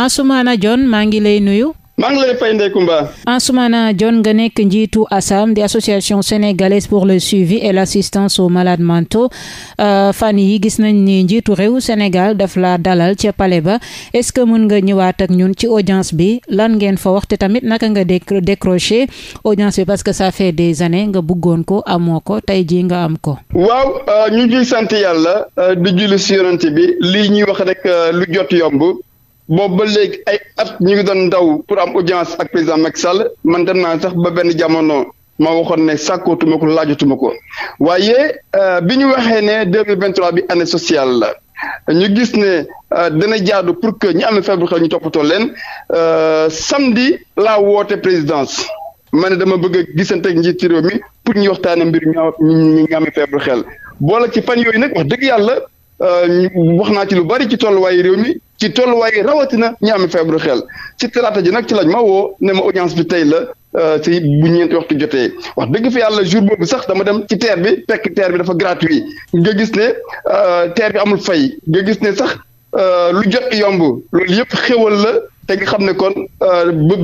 Ansoumana Dione maa ngi lay nuyu. maa ngi lay fay Ndeye Comba. Ansoumana jon nga nekk njiitu ASAM di association sénégalaise pour le suivi et l'assistance aux malades mentaux euh, fan yi gis nañ ni njiitu réew Sénégal daf la dalal ca pale ba est-ce que mën nga ñëwaat ak ñun ci audience bi lan ngeen fa wax te tamit naka nga décroché audience bi parce que ça fait des années nga bëggoon ko amoo ko tey ji nga am ko. waaw euh, ñu ngi sant yàlla euh, di julli si yonent bi lii ñuy boobu ba léegi ay at ñu ngi doon daw pour am audience ak président Macky Sall man dem naa sax ba benn jamono ma waxoon ne sàkkootuma ko laajutuma ko waaye euh, bi ñu waxee ne deux mille bi année sociale la ñu gis ne euh, dana jaadu pour que ñu amee feebar xel ñu toppatoo leen euh, samedi laa woote présidence ma ne dama bëgg a gisante ak réew mi pour ñu waxtaane mbir ñu ñu amee feebar xel boole ci fan yooyu nag wax dëgg yàlla wax naa ci lu bari ci tolluwaayu réew mi. ci tolluwaay yi rawatina ñu am feebaru xel ci talaata ji nag ci laaj ma woo ne ma audience bi tey la. Euh, ci bu ñeenti waxtu jotee wax dëgg fi yàlla jour boobu sax dama dem ci teer bi fekk teer bi dafa gratuit nga gis ne euh, teer bi amul fay nga gis ne sax euh, lu jot yomb loolu yëpp xéwal la te nga xam ne kon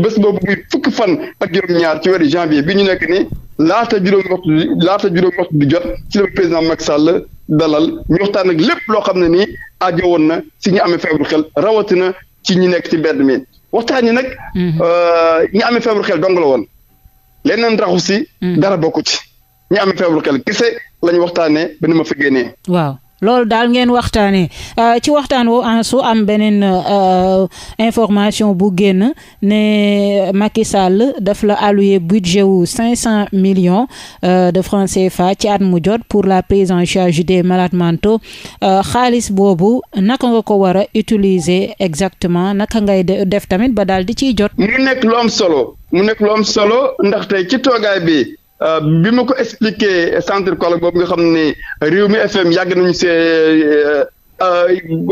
bés boobu muy fukki fan ak juróom-ñaar ci weeru janvier bi ñu nekk nii laata juróom laata juróom waxtu di jot ci la président Macky Sall dalal ñu waxtaan ak lépp loo xam ne nii aajowoon na si ñu amee feebaru xel rawatina ci ñi nekk ci mbedd mi waxtaan yi nag. Mhm. Euh, ñi ame feebaru xel dong la woon. leneen raxu si. Mhm. dara bokku ci ñi amee feebaru xel kese la ñu waxtaanee ba ma fi génnee. loolu daal ngeen waxtaanee euh, ci waxtaan woo en su am beneen euh, information bu génn ne Macky Sall daf la alloué budget wu cinq cent millions euh, de francs CFA ci at mu jot pour la prise en charge des malades mentaux xaalis boobu naka nga ko war a utiliser exactement naka ngay def tamit ba daal di ciy jot. mu nekk lu solo ndaxte ci toogaay bi. Euh, bi ma ko expliqué centre colloque boobu nga xam ne réew mi FM yàgg nañu see euh, euh,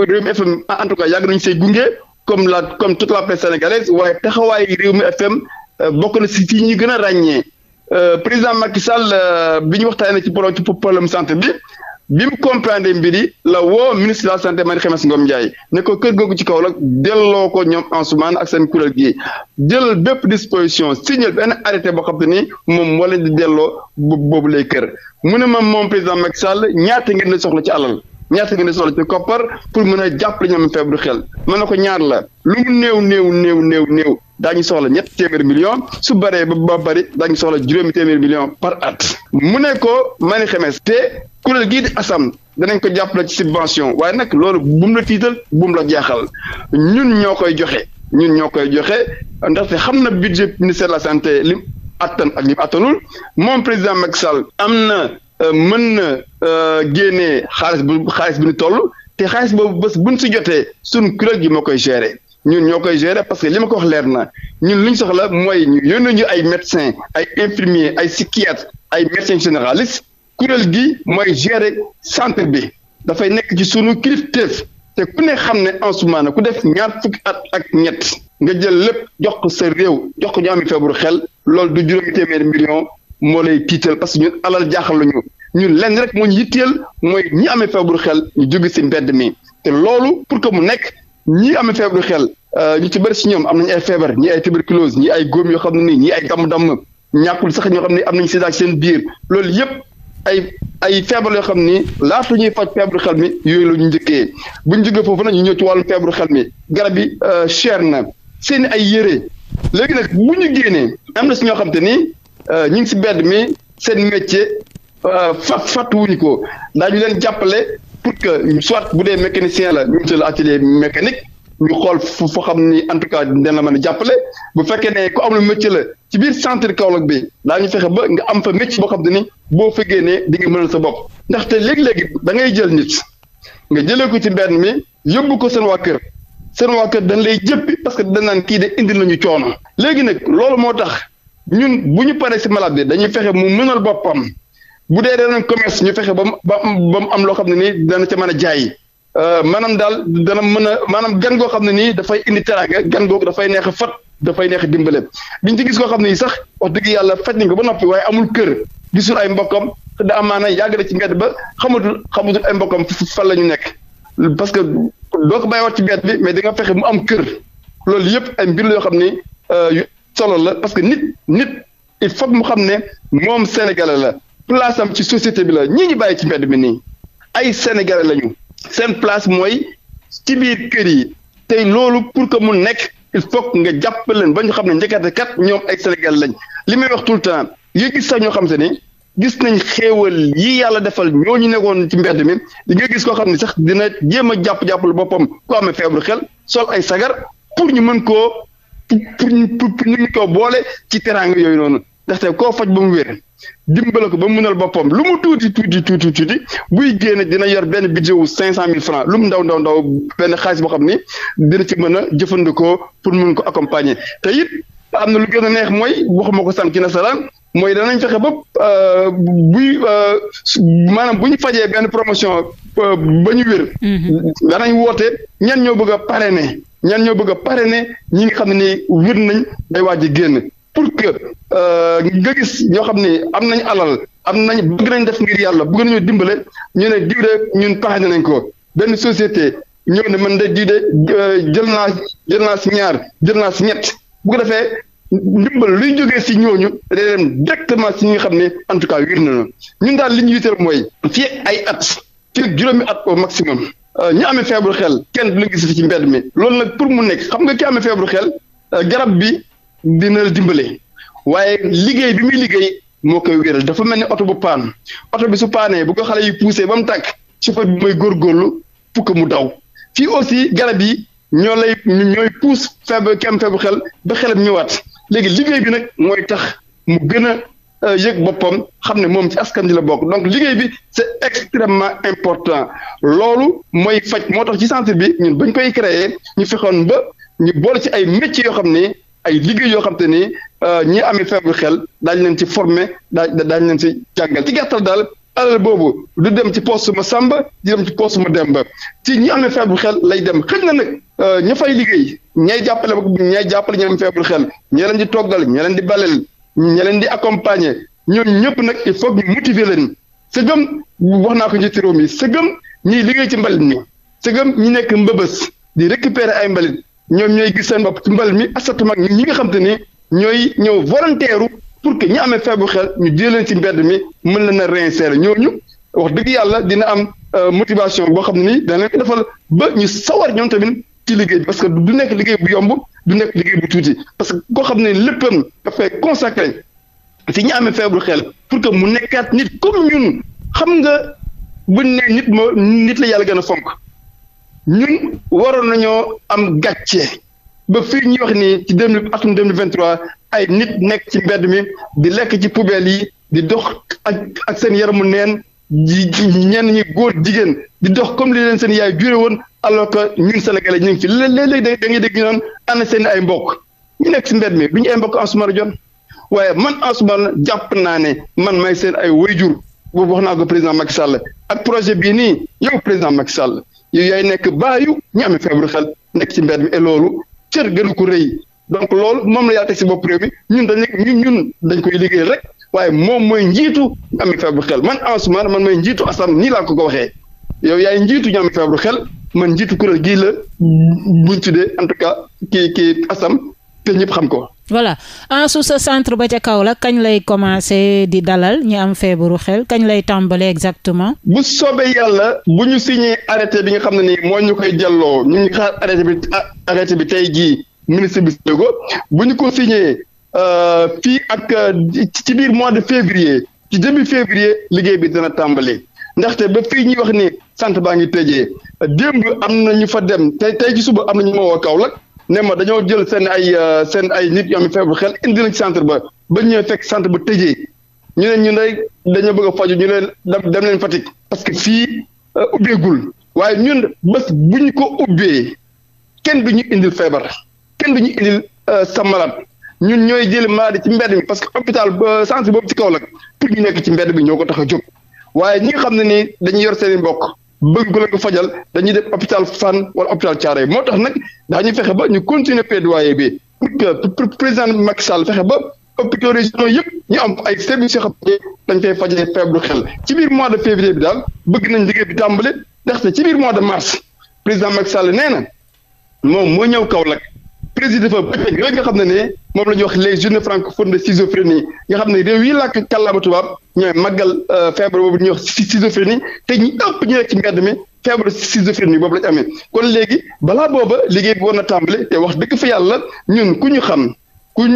réew mi FM en tout cas yàgg nañu see gunge comme la comme toute la presse sénégalaise waaye taxawaay réew mi FM bokk na si si ñu gën a ràññee président Macky Sall bi ñu waxtaanee ci problème ci problème santé bi bi mu comprendre mbir yi la woo ministre de la santé Marie Khemesse Ngom Ndiaye ne ko kër googu ci kaw la delloo ko ñoom Ansoumana ak seen kuréel gi jël bépp disposition signé benn arrêté boo xam te ni moom moo leen di delloo boobu lay kër mu ne ma moom président Macky Sall ñaata ngeen di soxla ci alal ñaata ngeen di soxla ci koppar pour mën a jàppale ñoom feebaru xel mën na ko ñaar la lu néew néew néew néew néew. daañu soxla ñetti téeméer million su baree ba bari daañu soxla juróomi téeméer million par at mu ne ko mani xemes te kuréel gii di asam danañ ko jàppale ci subvention waaye nag loolu buum la tiital buum la jaaxal ñun ñoo koy joxe ñun ñoo koy joxe ndaxte xam na budget ministère de la santé lim attan ak lim attanul moom président mag Sall am na euh, mën na euh, génne xaalis bu xaalis bu ñu toll te xaalis boobu bës buñ si jotee suñ kuréel gi moo koy gérer. ñun ñoo koy gérer parce que li ma ko wax leer na ñun li ñu soxla mooy yónnee ñu ay médecins ay infirmiers ay psychiatres ay médecins généralistes kuréel gi mooy gérer centre bi dafay nekk ci sunu kilifteef te ku ne xam ne na ku def ñaar fukki at ak ñett nga jël lépp jox ko sa réew jox ko ñu am feebaru xel loolu du juróomi téeméeri million moo lay tiital parce que ñun alal jaaxal lañu ñun lenn rek moo ñu yitteel mooy ñi amee feebaru xel ñu jóge ci mbedd mi te loolu pour que mu nekk. ñii am feebaru xel euh, ñu ci bëri si ñoom am nañ ay feebar ñi ay tuberculose ñii ay góom yoo xam ne nii ñii ay dam damm ñàkkul sax ñoo xam ni am nañu si ci seen biir loolu yëpp ay ay feebar yoo xam ni laata ñuy faj feebaru xel mi yooyu la njëkkee bu ñu foofu nag ñu ci wàllum feebaru xel mi garab yi euh, cher na seen ay yére léegi nag bu ñu génnee am na si ñoo xam te ni euh, ñu ngi si bedd mi seen métier fat fàttuwuñu ko daañu leen jàppale pour que soit bu dee mécanicien la ñu jël atelier mécanique ñu xool fu foo xam ni en tout cas dina la mën a jàppale bu fekkee ne ku am lu métier la ci biir centre Kaolack bi daa ñu fexe ba nga am fa métier boo xam te ni boo fa génnee di nga mënal sa bopp ndaxte léegi-léegi dangay jël nit nga jëlee ko ci mbenn mi yóbbu ko seen waa kër seen waa kër dañ lay jëppi parce que danan kii de indil nañu coono léegi nag loolu moo tax ñun bu ñu paree si malade bi dañuy fexe mu mënal boppam bu dee danañ commerce ñu fexe ba mu ba mu am loo xam ne nii dana ca mën a jaayi euh, maanaam daal dana mën a maanaam gan goo xam ne nii dafay indi teraanga gan googu dafay neex a fat dafay neex a dimbale biñ ci gis koo xam ne nii sax wax dëgg yàlla faj nañ ko ba noppi waaye amul kër gisul ay mbokkam te daa maana yàgg na ci mbedd ba xamatul xamatul ay mbokkam fan la ñu nekk parce que doo ko bàyyiwaat ci mbedd bi mais di nga mu am kër loolu yëpp ay mbir la yoo xam ni euh, yu solo la parce que nit nit il faut mu xam ne moom sénégalais la. place am ci société bi la ñi ñu bàyyi ci mbedd mi nii ay sénégalais lañu seen place mooy ci biir kër yi tey loolu pour que mu nekk il faut nga jàpp leen ba ñu xam ne njëkkate kat ñoom ay sénégalais lañ li may wax tout le temps yi sax ñoo xam te ni gis nañ xéewal yi yàlla defal ñooñu nekkoon ci mbedd mi di nga gis koo xam ne sax dina jéem a jàpp-jàppal boppam koo ku amee feebaru xel sol ay sagar pour ñu mën koo pour ñu pour ñu koo boole ci teraanga yooyu noonu ndaxte koo faj ba mu wér dimbale ko ba mu mun mënal boppam lu mu tuuti tuuti tuuti tuuti buy génne dina yor benn budget wu cinq cent mille francs lu mu ndaw ndaw ndaw benn xaalis boo xam ni dina ci mën a jëfandikoo pour mun ko accompagner te it am na lu gën a neex mooy waxuma ko sànq ci nasaraan mooy danañ fexe ba euh, buy euh, maanaam bu ñu fajee benn promotion euh, ba ñu wér. Mm-hmm. danañ woote ñan ñoo bëgg pare ne ñan ñoo bëgg a parrainer ñi nga xam ne ni wér nañ day waaj a génn. pour que euh, nga gis ñoo xam ne am nañ alal am nañ bëgg nañ def ngir yàlla bëgg nañu dimbale ñu ne diw ñun paxe nañ ko benn société ñëw ne man de diw de euh, jël naa jël naa si ñaar jël naa si ñett bu ko defee ndimbal luy jógee si ñooñu day dem directement si ñi nga xam ne en tout cas wir nañu ñun daal li ñu yitteel mooy fii ay at fii juróomi at au maximum euh, ñi amee feebaru xel kenn du la gis fi ci mbedd mi loolu nag pour mu nekk xam nga ki amee feebaru xel garab bi. dina la dimbale waaye liggéey bi muy liggéey moo koy wéral dafa mel ni oto bu paan oto bi su paanee bu ko xale yi poussé ba mu tàkk chauffeur bi mooy góorgóorlu pour mu daw fii aussi garab yi ñoo lay ñooy pousse feebar kem feebu xel ba xelam ñëwaat léegi liggéey bi nag mooy tax mu gën a euh, yëg boppam xam ne moom ci askan bi la bokk donc liggéey bi c'est extrêmement important loolu mooy faj moo tax ci centre bi ñun bañ koy créer ñu fexoon ba ñu boole ci ay métiers yoo xam ne ay liggéey yoo xam te ni euh, ñi amee feebaru xel daañu leen ci former daa daañu leen ci jàngal ci gàttal daal alal boobu du dem ci poste ma sàmba du dem ci poste ma demba ci ñi amee feebaru xel lay dem xëy na nag euh, ña fay liggéey ñay jàppale ñay jàppale ñi am feebaru xel ña leen di toggal ña leen di baleel ña leen di accompagner ñoom ñëpp nag il faut ñu motiver leen sëgëm wax naa ko njiitu réew mi sëgëm ñiy liggéey ci mbalit mi sëgëm ñi nekk mbëbës di récupérer ay mbalit ñoom ñooy gis seen bopp ci mbal mi asatuma ak ñi nga xam ne ñooy ñëw volontaire pour que ñi amee feebu xel ñu jëlee ci mbedd mi mën leen a réinsérer ñooñu wax dëgg yàlla dina am euh, motivation boo xam ni dana leen defal ba ñu sawar ñoom tamit ci liggéey parce que du nekk liggéey bu yomb du nekk liggéey bu tuuti parce que koo xam ne léppam dafay consacré si ñi amee feebu xel pour que mu nekkaat nit comme ñun xam nga buñ ne nit moo nit la yàlla gën a fonk. ñun waroon nañoo am gàcce ba fii ñuy wax nii ci deux mille atum deux mille vingt trois ay nit nekk ci mbedd mi di lekk ci poubelle yi di dox ak ak seen yaramu neen di ñenn ñi góor jigéen di dox comme li leen seen yaay jure woon alors que ñun sénégalais ñu ngi fi léeg-léeg da ngay dégg ñu naan ana seen ay mbokk ñu nekk ci mbedd mi du ñu ay mbokk Ansoumana jot waaye man Ansoumana jàpp naa ne man may seen ay jur boobu wax naa ko président Macky Sall ak projet bii nii yow président Macky Sall yow yaay nekk baayu ñu amee feebaru xel nekk ci mbedd mi et loolu cër gënu ko rëy donc loolu moom la yàlla teg si bopp réew mi ñun dañ ñun ñun dañ koy liggéey rek waaye moom mooy njiitu ñu amee feebaru xel man Ansoumana man mooy njiitu asam nii laa ko ko waxee yow yaay njiitu ñu amee feebaru xel man njiitu kuréel gii la buñ tuddee en tout cas kii kii asam te ñëpp xam ko. voilà Ansu sa centre ba ca kaw Kaolack kañ lay commencé di dalal ñi am feebaru xel kañ lay tàmbale exactement. bu soobee yàlla bu ñu signé arrêté bi nga xam ne ni moo ñu koy jàlloo ñu ngi xaar arrêté bi arrêté bi tey jii ministre bi signé ko bu ñu ko signé euh, fii ak euh, ci biir mois de février ci début février liggéey bi dana tàmbale ndaxte ba fii ñuy wax ni centre baa ngi tëjee démb am na ñu fa dem tey tey ci suba am na ñu ma woo Kaolack. ne ma dañoo jël seen ay euh, seen ay nit yoo xam ne feebu xel indi nañ centre ba ba ñëwee fekk centre ba tëjee ñu ne ñu ne dañoo bëgg a faju ñu leen dem leen Fatick parce que fii euh, ubbeegul waaye ñun bés bu ñu ko ubbee kenn du ñu indil feebar kenn du ñu indil euh, sa malade ñun ñooy jëli malade ci mbedd mi parce que hôpital ba centre boobu ci Kaolack pour ñu nekk ci mbedd bi ñoo ko tax a jóg waaye ñi nga xam ne nii dañuy yor seen mbokk bëgg ko la fajal dañuy dem hôpital Fann wala hôpital Thiaroye moo tax nag daañu fexe ba ñu continuer plaidoyer bi pour que président Macky Sall fexe ba hôpitaux régionaux yëpp ñu am ay services yoo xam ne dañ fay fajee feeblu xel ci biir mois de février bi daal bëgg nañ liggéey bi tàmbale ndaxte ci biir mois de mars président Macky Sall nee na moom moo ñëw Kaolack président fa bëccëg yooyu nga xam ne ne moom la ñuy wax les journées francophones de schizophrénie nga xam ne réew yi làkk kàllaama tubaab ñooy màggal euh, feebar boobu ñuy wax schizophrénie te ñi ëpp ñu nekk ci mbedd mi feebaru schizophrénie boobu la ñu amee kon léegi balaa booba liggéey bi war na tambale te wax dëgg fa yàlla ñun ku ñu xam kuñ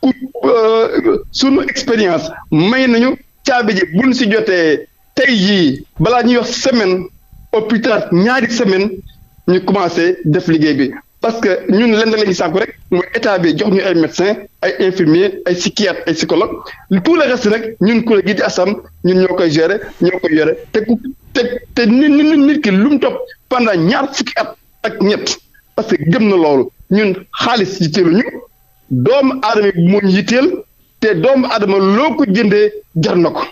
ku suñu euh, euh, expérience may nañu caabi ji buñ si jotee tey jii balaa ñuy wax semaine au ñaari semaine ñu commencé def liggéey bi parce que ñun lenn lañu saaku rek mooy état bi jox ñu ay médecins ay infirmiers ay psychiatres ay psychologues tout le reste nag ñun kuréel gi di ASSAMM ñun ñoo koy gérer ñoo koy yore te te te nit nit ki lu mu topp pendant ñaar fukki at ak ñett parce que gëm na loolu ñun xaalis yitteelu ñu doomu aadama bi yitteel te doomu aadama loo ko jëndee jar na ko.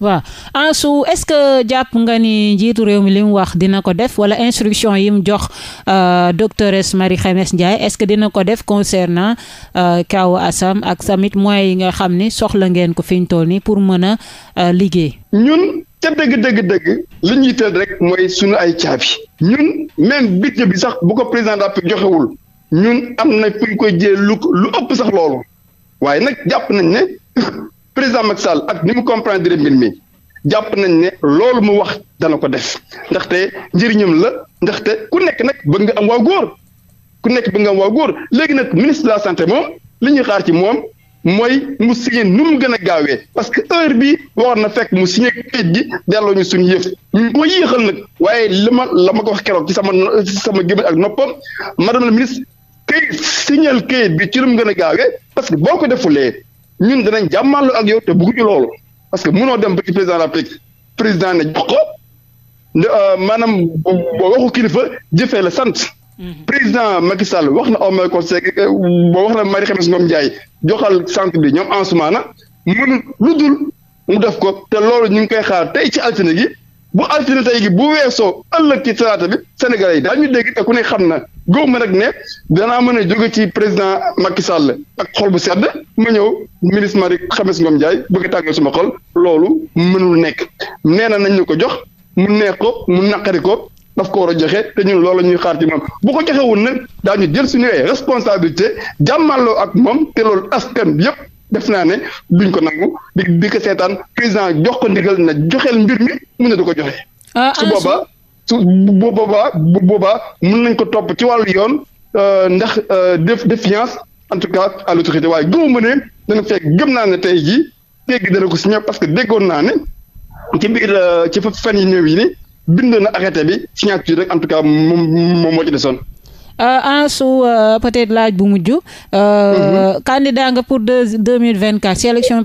waaw Ansu est-ce que jàpp nga ni njiitu réew mi li mu wax dina ko def wala instruction yi mu jox euh, docteuresse Marie Khemesse Ndiaye est-ce que dina ko def concernant euh, kaw Assam ak samit moyens yi nga xam ni soxla ngeen ko fi ñu toll nii pour mën a euh, liggéey. ñun ca dëgg dëgg dëgg li ñuy rek mooy suñu ay caabi ñun même budget bi sax bu ko président d' joxewul ñun am na fu ñu koy jël lu ëpp sax loolu waaye nag jàpp nañ ne. président Macky Sall ak ni mu comprendre mbir mi jàpp nañ ne loolu mu wax dana ko def ndaxte njëriñam la ndaxte ku nekk nag bëgg nga am waa góor ku nekk bëgg nga am waa góor léegi nag ministre la santé moom li ñuy xaar ci moom mooy mu signé nu mu gën a gaawee parce que heure bi war na fekk mu signé këyit gi delloo ñu suñu yëf ñu ko yéexal nag waaye li ma la ma ko wax keroog ci sama ci sama gémmiñ ak noppam madame la ministre këyit signal kayit bi ci lu mu gën a gaawee parce que boo ko defulee ñun danañ jàmmallu ak yow te bëgguñu loolu parce que mënoo dem ba ci président de président ne jox ko euh, maanaam waxu kilifa jëfee la sant. Mhm. président Macky Sall wax na Omar Conseil boo euh, wax na Marie Khemesse Ngom Ndiaye joxal centre bi ñoom Ansoumana mënul lu dul mu def ko ten loolu ñu ngi koy xaar tey ci altine gi. bu altine tey gi bu weesoo ëllëg ci talaata bi sénégal yi daañu dégg te ku ne xam na góob ma rek ne danaa mën a jóge ci président Macky Sall ak xol bu sedd ma ñëw ministre Marie Khemesse Ngom Ndiaye bëgg a tàggal suma xol loolu mënul nekk nee na nañ ñu ko jox mu neex ko mu naqari ko daf ko war a joxe te ñun loolu ñuy xaar ci moom boo ko joxewul nag ñu jël suñu ay responsabilité jàmmaloo ak moom te loolu askan yëpp. def naa ne duñ ko nangu di di ko seetaan président jox ko ndigal na joxeel mbir mi mu ne du ko joxe. Ah, su boobaa su boobaa bu boobaa mën nañ ko topp ci wàllu yoon euh, ndax euh, def défiance en tout cas à l'autorité waaye gëmuma ne dana fekk gëm naa ne tey jii dégg dana ko si signé parce que déggoon naa ne ci biir euh, ci fan yi néew yi ni bind na arrêté bi signature rek en tout cas moom moom moo ci desoon. Euh, en su euh, peut-être laaj bu mujj. Euh, mhm. candidat nga pour deux deux mille vingt quatre si élection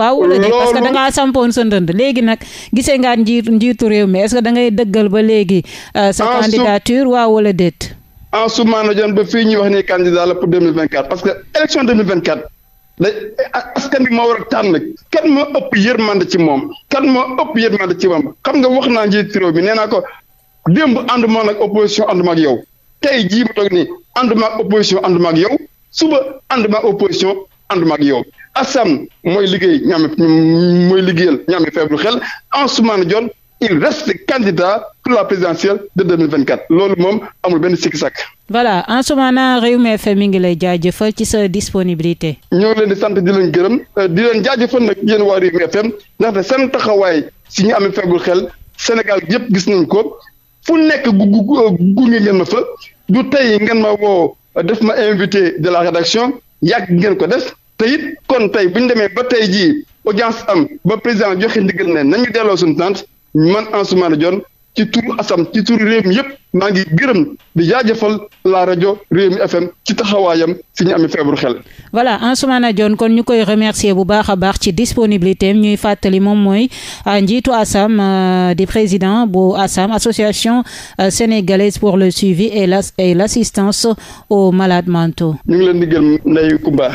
waaw wala déet parce que da sampoon sa léegi nag gise ngaa njiit njiitu réew mi est-ce que da dëggal ba léegi. sa candidature waaw wala déet. en su maanaam ba fii ñuy wax ni candidat la pour deux mille parce que élection deux mille vingt quatre la askan bi moo war a tànn kan moo ëpp yërmande ci moom kan moo ëpp yërmande ci moom xam nga wax naa njiit réew mi nee naa ko démb ànduma ak opposition ànduma ak yow. tey jii ma toog nii ànduma ak opposition ànduma ak yow suba ànduma ak opposition ànduma ak yow Assane mooy liggéey ñaame mooy liggéeyal ñaame faible xel Ansoumana Dione il reste candidat pour la présidentielle de 2024 loolu moom amul benn sikki sàkk voilà Ansoumana Rewmi FM mi ngi lay jaajëfal ci sa disponibilité ñoo leen di sant di leen gërëm euh, di leen jaajëfal nag yéen waa Rewmi FM ndaxte seen taxawaay si ñu amee faible xel Sénégal yëpp gis nañ ko fu nekk gu gu gunge ngeen ma du tey ngeen ma woo def ma invité de la rédaction yàgg ngeen ko def tey it kon tey bu ñu demee ba tey jii audience am ba président joxe ndigal ne nañu delloo suñu tante man Ansoumana Dione ci turu asam ci turu réew mi yëpp gërëm di jaajëfal la rajo Réew mi FM ci taxawaayam si ñu amee feebaru xel. voilà Ansoumana Dione kon ñu koy remercier bu baax a baax ci disponibilité am ñuy fàttali moom mooy euh, njiitu ASAM euh, di président bu ASAM association euh, sénégalaise pour le suivi et l' et l' assistance aux malades mentaux. ñu ngi leen di gërëm Ndeye